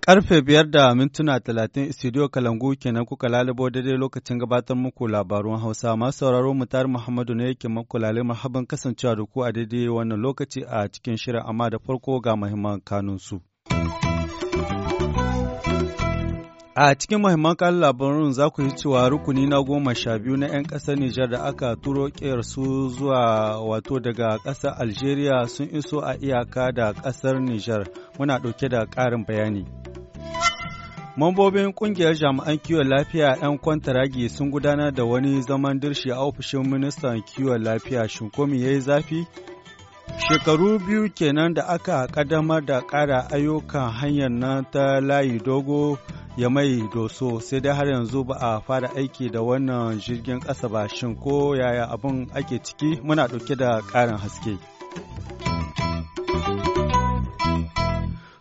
Karfe biyar da mintuna talatin studio Kalangu kenan kuka lalubo daidai lokacin gabatar muku labarun Hausa. Masu sauraro mutar Muhammadu ne yake muku lalai mahabin kasancewa da ku a daidai wannan lokaci a cikin shirin amma da farko ga muhimman kanunsu. A cikin mahimman kan labarun za ku yi cewa rukuni na goma sha biyu na 'yan ƙasar Nijar da aka turo su zuwa wato daga ƙasar Algeria sun iso a iyaka da ƙasar Nijar. Muna ɗauke da ƙarin bayani. Mambobin ƙungiyar jami'an kiwon lafiya 'yan kwantaragi sun gudanar da wani zaman dirshi a ofishin ministan kiwon lafiya shinkomi ya yi zafi Shekaru biyu kenan da aka ƙaddamar da ƙara ayyukan hanyar nan ta layi dogo ya mai doso sai dai har yanzu ba a fara aiki da wannan jirgin ƙasa ba shin ko yaya abin ake ciki muna ɗauke da ƙarin haske.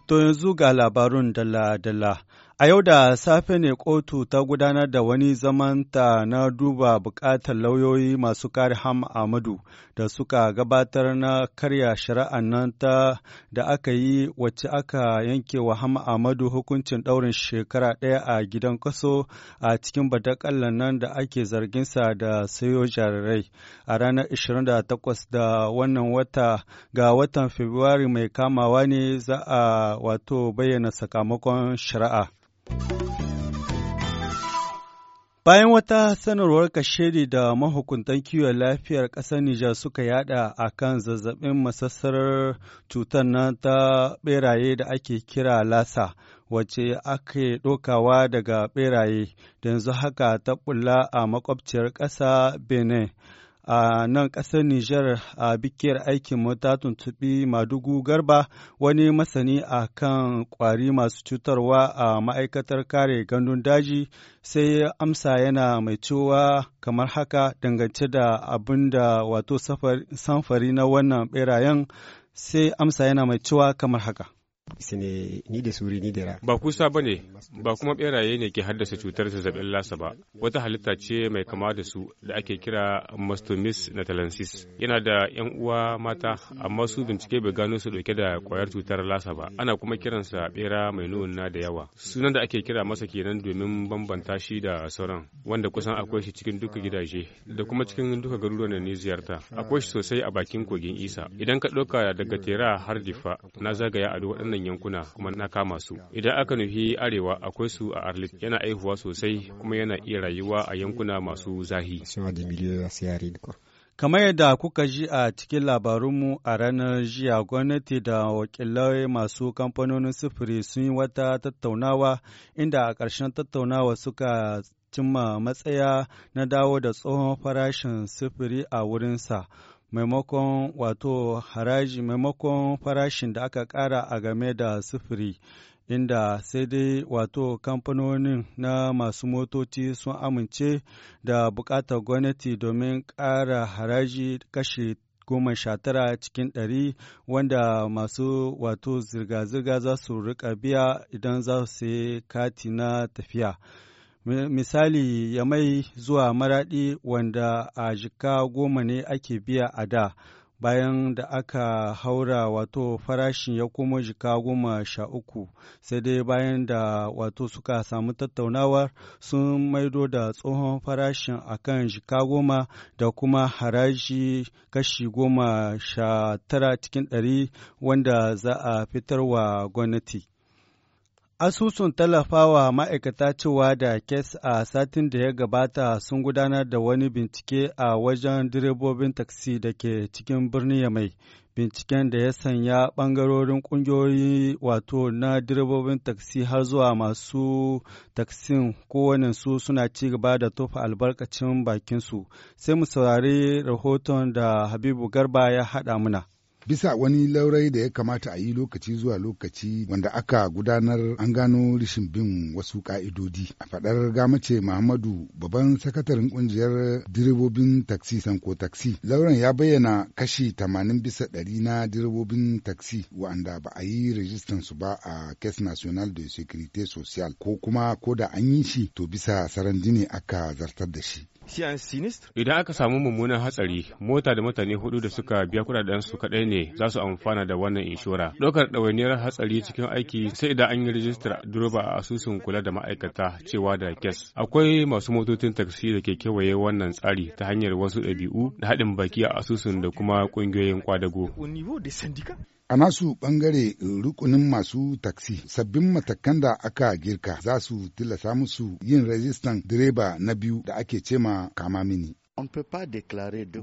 To yanzu ga labarun dala-dala. A yau da safe ne kotu ta gudanar da wani zamanta na duba bukatar lauyoyi masu kare ham amadu da suka gabatar na karya shari'an nan ta da aka yi wacce aka yanke wa ham Ahmadu hukuncin ɗaurin shekara ɗaya a gidan kaso a cikin badakallan nan da ake zarginsa da sayo jarirai. A ranar 28 da wannan wata ga watan Fabrairu mai kamawa ne za a wato bayyana sakamakon shari'a. Bayan wata sanarwar kashedi da mahukuntan kiwon lafiyar ƙasar Nijar suka yada a kan zazzabin masassarar cutar nan ta ɓeraye da ake kira lasa, wace ake ɗokawa daga ɓeraye yanzu haka ta ɓulla a makwabciyar ƙasa Benin. a nan ƙasar Nijar a bikiyar aikin ta tuntuɓi Madugu Garba wani masani a kan ƙwari masu cutarwa a ma'aikatar kare gandun daji sai amsa yana mai cewa kamar haka dangance da abin da wato samfari na wannan ɓerayen sai amsa yana mai cewa kamar haka. sine ni da suri ni da ra. Ba kusa ba ne, ba kuma beraye ne ke haddasa cutar zazzabin lasa ba. Wata halitta ce mai kama da su da ake kira mastomis natalensis. Yana da 'yan uwa mata, amma su bincike bai gano su dauke da kwayar cutar lasa ba. Ana kuma kiransa bera mai nuna da yawa. Sunan da ake kira masa kenan domin bambanta shi da sauran, wanda kusan akwai shi cikin duka gidaje da kuma cikin duka garuruwan da ni ziyarta. Akwai shi sosai a bakin kogin Isa. Idan ka ɗauka daga Tera har Difa, na zagaya a duk waɗannan waɗannan yankuna kuma na kama su idan aka nufi arewa akwai su a arlit yana aihuwa sosai kuma yana iya rayuwa a yankuna masu zahi Kamar yadda kuka ji a cikin labarunmu a ranar jiya gwamnati da wakilai masu kamfanonin sufuri sun yi wata tattaunawa inda a ƙarshen tattaunawa suka cimma matsaya na dawo da tsohon farashin sufuri a wurinsa. maimakon wato haraji maimakon farashin da aka ƙara a game da sufuri inda sai dai wato kamfanonin na masu motoci sun amince da buƙatar gwamnati domin ƙara haraji kashe goma sha tara cikin ɗari wanda masu wato zirga-zirga za su riƙa biya idan za su yi kati na tafiya. misali ya mai zuwa maraɗi wanda a jika goma ne ake biya a da bayan da aka haura wato farashin ya kuma jika goma sha uku sai dai bayan da wato suka samu tattaunawar sun maido da tsohon farashin akan jika goma da kuma haraji kashi goma sha tara cikin ɗari wanda za a fitarwa gwamnati. Asusun tallafawa ma'aikata cewa da kes a satin da ya gabata sun gudanar da wani bincike a wajen direbobin taksi da ke cikin birnin mai Binciken da ya sanya ɓangarorin ƙungiyoyi wato na direbobin taksi har zuwa masu taksin kowane su suna ci gaba da tofa albarkacin bakinsu. Sai mu saurari rahoton da Habibu Garba ya haɗa muna. bisa wani laurai da ya kamata a yi lokaci zuwa lokaci wanda aka gudanar an gano rishin bin wasu ka'idodi a faɗar gamace muhammadu babban sakataren kungiyar direbobin taksi sanko taksi lauren ya bayyana kashi 80 bisa ɗari na direbobin taksi wa'anda ba a yi rajistan su ba a kes national de securite social ko kuma ko da an yi shi to bisa sarandi ne aka zartar da shi Idan aka samu mummunan hatsari, mota da mutane hudu da suka biya kudaden su kadai ne za su amfana da wannan inshora. dokar ɗawainiyar hatsari cikin aiki sai idan an yi rijistar direba a asusun kula da ma'aikata cewa da kes. Akwai masu motocin taksi da ke kewaye wannan tsari ta hanyar wasu ɗabi'u da haɗin baki a asusun da kuma ƙungiyoyin kwadago. A nasu ɓangare rukunin masu taksi, sabbin matakan da aka girka za su tilasa musu yin rajistan direba na biyu da ake cema kama mini.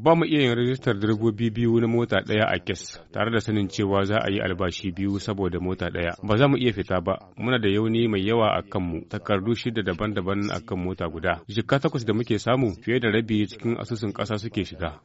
Ba mu iya yin rajistar direbobi biyu na mota ɗaya a kes tare da sanin cewa za a yi albashi biyu saboda mota ɗaya. Ba za mu iya fita ba, muna da yauni mai yawa a kanmu, takardu shida daban-daban a kan mota guda. shika takwas da muke samu fiye da rabi cikin asusun ƙasa suke shiga.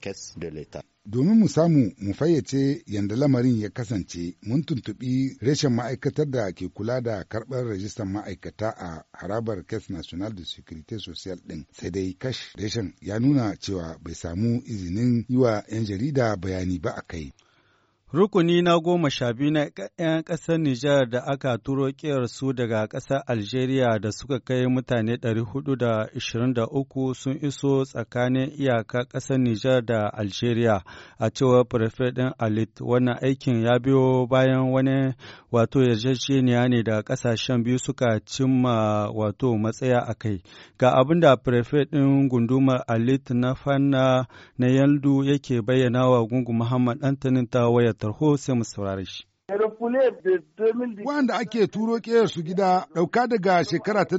Domin mu samu mu fayyace yadda lamarin ya kasance, mun tuntuɓi reshen ma'aikatar da ke kula da karɓar rajistar ma'aikata a harabar Kes National da security Social ɗin, sai dai kash reshen ya nuna cewa bai samu izinin yi wa 'yan jarida bayani ba a kai. Rukuni na goma sha biyu na 'yan ƙasar Nijar da aka turo su daga ƙasar Algeria da suka kai mutane 423 sun iso tsakanin iyaka ƙasar Nijar da Algeria a cewar Prefet Alit. Wannan aikin ya biyo bayan wani wato yarjejeniya ne da ƙasashen biyu suka cimma wato matsaya a kai. Ga abin da Prefet ɗin gundumar Alit na fanna na Yaldu yake bayyana wa Gungu Muhammad Antanin ta wayar tarho sai mu saurare shi. Wanda ake turo su gida ɗauka daga shekara ta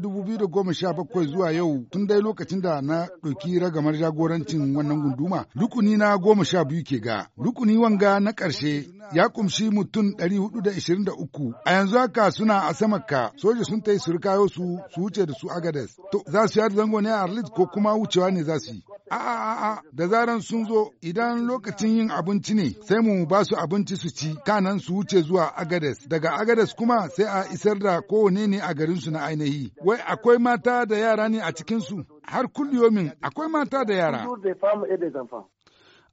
sha bakwai zuwa yau tun dai lokacin da na ɗauki ragamar jagorancin wannan gunduma. Rukuni na goma sha biyu ke ga. Rukuni wanga na ƙarshe ya kumshi mutum ɗari 423. A yanzu haka suna a samakka soja sun ta yi su su wuce da su Agades. To za su yada zango ne a Arlit ko kuma wucewa ne za su yi. a'a da zaran sun zo idan lokacin yin abinci ne sai mu ba su abinci su ci kanan su wuce zuwa agades daga agades kuma sai a isar da kowane ne a garinsu na ainihi wai akwai mata da yara ne a cikinsu har kulliyomin akwai mata da yara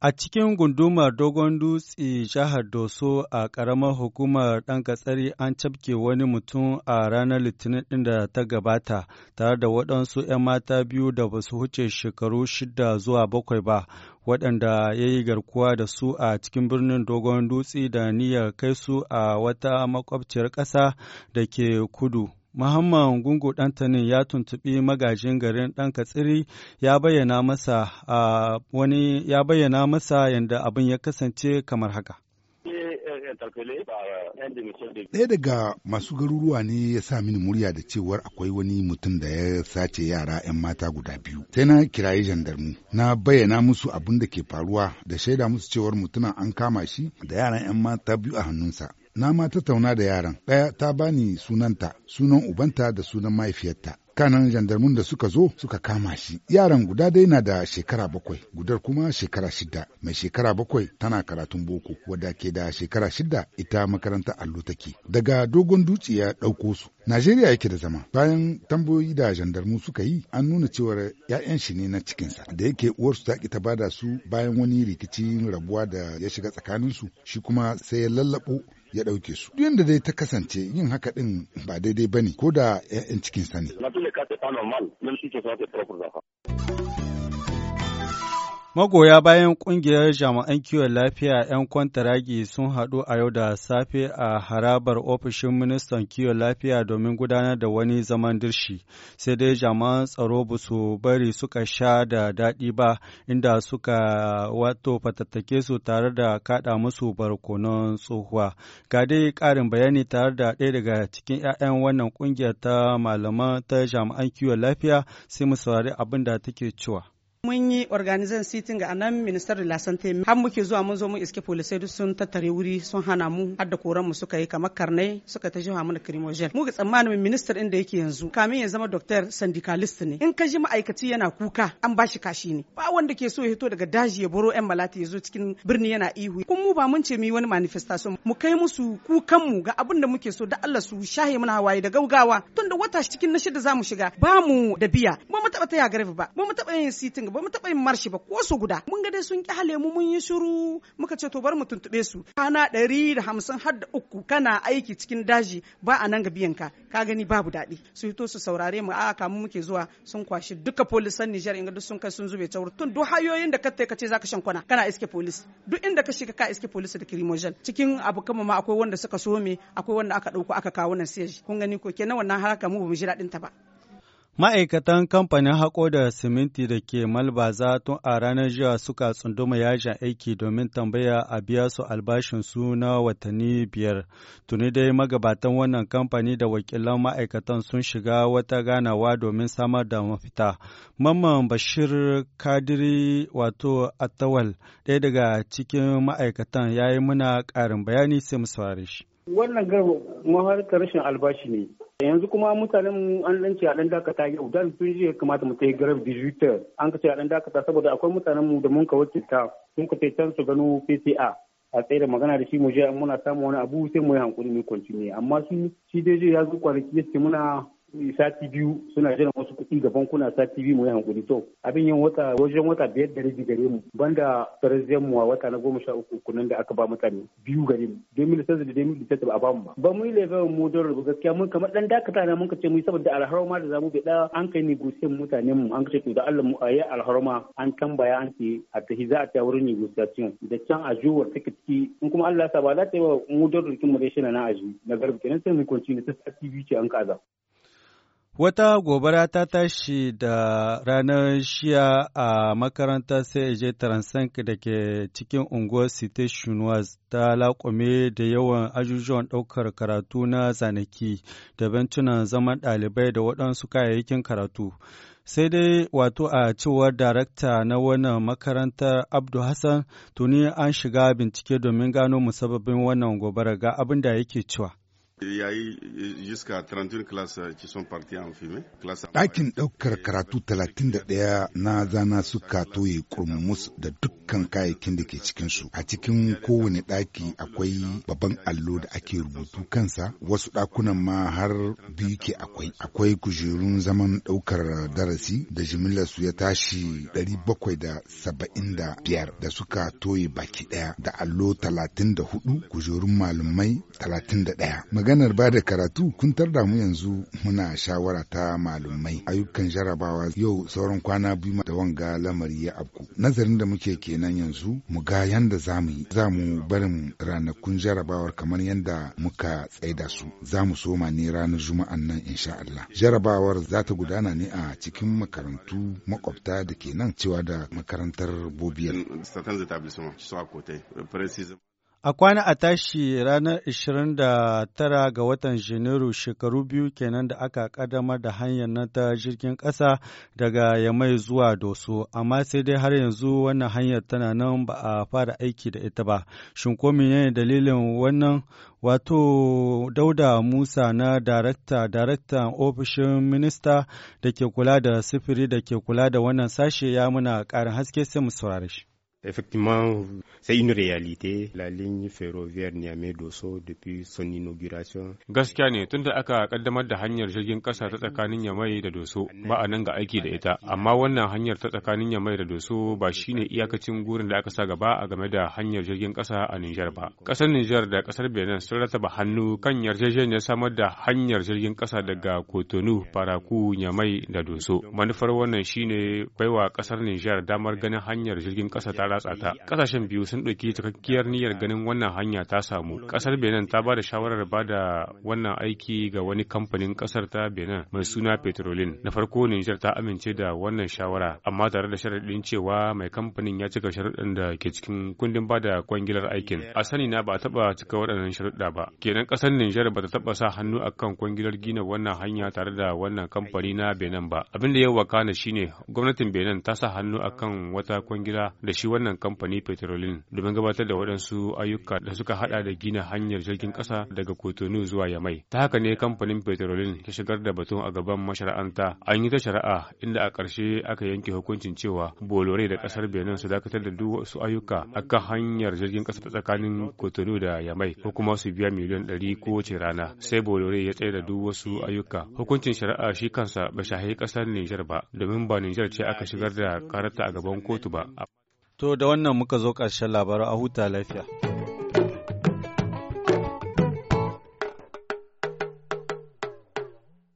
A cikin gundumar Dogon Dutse jihar Doso a ƙaramar hukumar ɗan katsari an cafke wani mutum a ranar Litinin ɗin da ta gabata tare da waɗansu ‘yan mata biyu da ba su huce shekaru shida zuwa bakwai ba waɗanda ya yi garkuwa da su a cikin birnin Dogon Dutse da niyyar kai su a wata makwabciyar ƙasa da ke kudu. Muhammad Gungu tanin ya tuntuɓi magajin garin ɗan Katsiri ya bayyana masa a wani ya bayyana masa yadda abin ya kasance kamar haka. Ɗaya daga masu garuruwa ne ya sa mini murya da cewar akwai wani mutum da ya sace yara 'yan mata guda biyu. Sai na kirayi jandarmu, na bayyana musu abin da ke faruwa da shaida musu cewar mutumin an kama shi da yaran 'yan mata biyu a hannunsa. na ma tattauna da yaran ɗaya ta bani sunanta sunan ubanta da sunan mahaifiyarta kanan jandarmun da suka zo suka kama shi yaran guda dai na da shekara bakwai gudar kuma shekara shida mai shekara bakwai tana karatun boko wadda ke da shekara shida ita makaranta allo take daga dogon dutse ya ɗauko su najeriya yake da zama bayan tambayoyi da jandarmu suka yi an nuna cewar 'ya'yan shi ne na cikinsa da yake uwarsu ta ta bada su bayan wani rikicin rabuwa da ya shiga tsakaninsu shi kuma sai ya lallaɓo ya ɗauke su. Duk yadda dai ta kasance yin haka ɗin ba daidai ba ne ko da 'ya'yan cikin sani. Magoya bayan ƙungiyar jami'an kiwon lafiya 'yan kwantaragi sun haɗu a yau da safe a harabar ofishin ministan kiwon lafiya domin gudanar da wani zaman dirshi, sai dai jami'an tsaro ba su bari suka sha da daɗi ba inda suka wato fatattake su tare da kaɗa musu barkonon tsohuwa. Ga dai ƙarin bayani tare da ɗaya daga cikin 'ya'yan wannan ƙungiyar ta malaman ta jami'an kiwon lafiya sai mu saurari abin da take cewa. mun yi organizan sitting a nan de da lasante har muke zuwa mun zo mun iske polisai duk sun tattare wuri sun hana mu har da koran mu suka yi kamar karnai suka ta jiha mana crimogel mu ga tsammanin minister inda yake yanzu kamin ya zama doctor syndicalist ne in ka ji ma'aikaci yana kuka an bashi kashi ne ba wanda ke so ya hito daga daji ya boro yan malati ya zo cikin birni yana ihu kun mu ba mun ce mu yi wani manifestation mu kai musu kukan mu ga abin da muke so da Allah su shahe mana hawaye da gaugawa tunda wata cikin na shida zamu shiga ba mu da biya ba mu taba taya garba ba ba mu taba yin sitting mu ba mu taɓa yin marshi ba ko su guda mun ga dai sun ƙi hale mu mun yi shiru muka ce to bar mu tuntube su kana ɗari da hamsin har da uku kana aiki cikin daji ba a nan ga biyan ka ka gani babu daɗi su to su saurare mu a kamu muke zuwa sun kwashi duka polisan Nijar in duk sun kai sun zube ta tun duk hayoyin da ka ta ce zaka shan kwana kana iske polis duk inda ka shiga ka iske polis da kirimojen cikin abu kama ma akwai wanda suka so me akwai wanda aka ɗauko aka kawo nan sai kun gani ko kenan wannan haraka mu ba mu ji daɗin ta ba Ma'aikatan kamfanin haƙo da siminti da ke Malbaza tun a ranar jiya suka tsunduma yajin aiki domin tambaya a biya su albashinsu na watanni biyar. Tuni dai magabatan wannan kamfani da wakilan ma'aikatan sun shiga wata ganawa domin samar da mafita. Mamman Bashir Kadiri wato Attawal ɗaya daga cikin ma'aikatan ya yi muna ƙarin bayani sai mu saurare shi. Wannan gaba ta rashin albashi ne. yanzu kuma mutanen an dan ce a dan dakata yau da sun ya kamata mu tayi garab 18 an kace a dan dakata saboda akwai mutanen mu da mun ka ta sun ka can su gano PCA a tsaye da magana da shi mu je muna samu wani abu sai mu yi hankuri mu continue amma shi shi dai ya zo kwanaki yace muna sati biyu suna jiran wasu kuɗi ga bankuna sati biyu mu yi hankuli to abin yin wata wajen wata biyar da rabi gare mu banda farazziyar mu a wata na goma sha uku kunan da aka ba mutane biyu gare mu domin da da domin da ba a ba mu ba ba mu yi laifin mu don rubu gaskiya mun kamar dan dakata na mun ka ce mu yi saboda alharma da zamu bi da an kai ne gusiyar mutanen mu an ce to da Allah mu a yi alharoma an tambaya an ce a tahi za a ta wurin negotiation da can a juwar take ciki in kuma Allah ya sa ba za ta yi wa mu don rukin mu dai shi na na aji na garbi kenan sai mu kwanci ne ta sati biyu ce an kaza. Wata gobara ta tashi da ranar shiya a makarantar CAG Transank da ke cikin unguwar Cité Chinoise ta laƙume da yawan ajujuwan ɗaukar karatu na zanaki da bencunan zaman ɗalibai da waɗansu kayayyakin karatu. sai dai wato a cewar darakta na wannan makarantar abdu hassan tuni an shiga bincike domin gano musababin wannan gobara ga abin da yake cewa Il y a eu jusqu'à 31 classes euh, qui sont parties en fumée. Ɗakin ɗaukar karatu 31 na zana suka toye kurmus da dukkan kayayyakin da ke cikinsu. A cikin kowane ɗaki akwai babban allo da ake rubutu kansa, wasu ɗakunan ma har biyu ke akwai. Akwai kujerun zaman ɗaukar darasi da jimillar su ya tashi 775 da suka toye baki ɗaya da allo 34 kujerun malamai. talatin da ɗaya Maganar ba da karatu kun da mu yanzu muna shawara ta malumai ayyukan jarabawa yau sauran kwana biyu da wanga lamari ya abku. Nazarin da muke kenan yanzu mu ga yanda za mu yi za mu barin ranakun jarabawar kamar yanda muka tsaida su za mu soma ne ranar juma'an nan insha Allah. Jarabawar za ta gudana ne a cikin makarantu makwabta da ke cewa da makarantar bobiyar. A kwana a tashi ranar 29 ga watan Janairu shekaru biyu kenan da aka kaddamar da hanyar nan ta jirgin ƙasa daga Yamai zuwa Doso, amma sai dai har yanzu wannan hanyar tana nan ba a fara aiki da ita ba. Shin ko menene dalilin wannan wato Dauda Musa na darakta darakta ofishin minista da ke kula da sifiri da ke kula da wannan sashe ya muna ƙarin haske sai mu saurare shi. Effectivement, c'est une réalité. La ligne ferroviaire Niamey-Dosso depuis son inauguration. Gaskiya ne tunda aka kaddamar da hanyar jirgin kasa ta tsakanin Yamai da Doso ba a nan ga aiki da ita, amma wannan hanyar ta tsakanin Yamai da Doso ba shine iyakacin gurin da aka sa gaba a game da hanyar jirgin kasa a Nijar ba. Kasar Nijar da kasar Benin sun rataba hannu kan ya samar da hanyar jirgin kasa daga Kotonu, Faraku, Yamai da Doso. Manufar wannan shine baiwa kasar Nijar damar ganin hanyar jirgin kasa ta ratsa ta kasashen biyu sun ɗauki cikakkiyar niyyar ganin wannan hanya ta samu ƙasar benin ta ba da shawarar ba da wannan aiki ga wani kamfanin kasar ta benin mai suna petrolin na farko niger ta amince da wannan shawara amma tare da sharaɗin cewa mai kamfanin ya cika sharuɗan da ke cikin kundin ba da kwangilar aikin a sani na ba a taɓa cika waɗannan sharuɗa ba kenan kasar nijar ba ta taɓa sa hannu akan kwangilar gina wannan hanya tare da wannan kamfani na benin ba abin da ya wakana shine gwamnatin benin ta sa hannu akan wata kwangila da shi wannan kamfani petrolin domin gabatar da waɗansu ayyuka da suka hada da gina hanyar jirgin ƙasa daga Kotonu zuwa Yamai. Ta haka ne kamfanin petrolin ya shigar da batun a gaban mashara'anta. An yi ta shari'a inda a ƙarshe aka yanke hukuncin cewa bolorai da ƙasar Benin su dakatar da duk wasu ayyuka akan hanyar jirgin ƙasa ta tsakanin Kotonu da Yamai ko kuma su biya miliyan ɗari kowace rana. Sai bolorai ya tsaye da duk wasu ayyuka. Hukuncin shari'a shi kansa ba shahi ƙasar Nijar ba domin ba Nijar ce aka shigar da karata a gaban kotu ba. To da wannan muka zo ƙarshen labarai, a huta lafiya.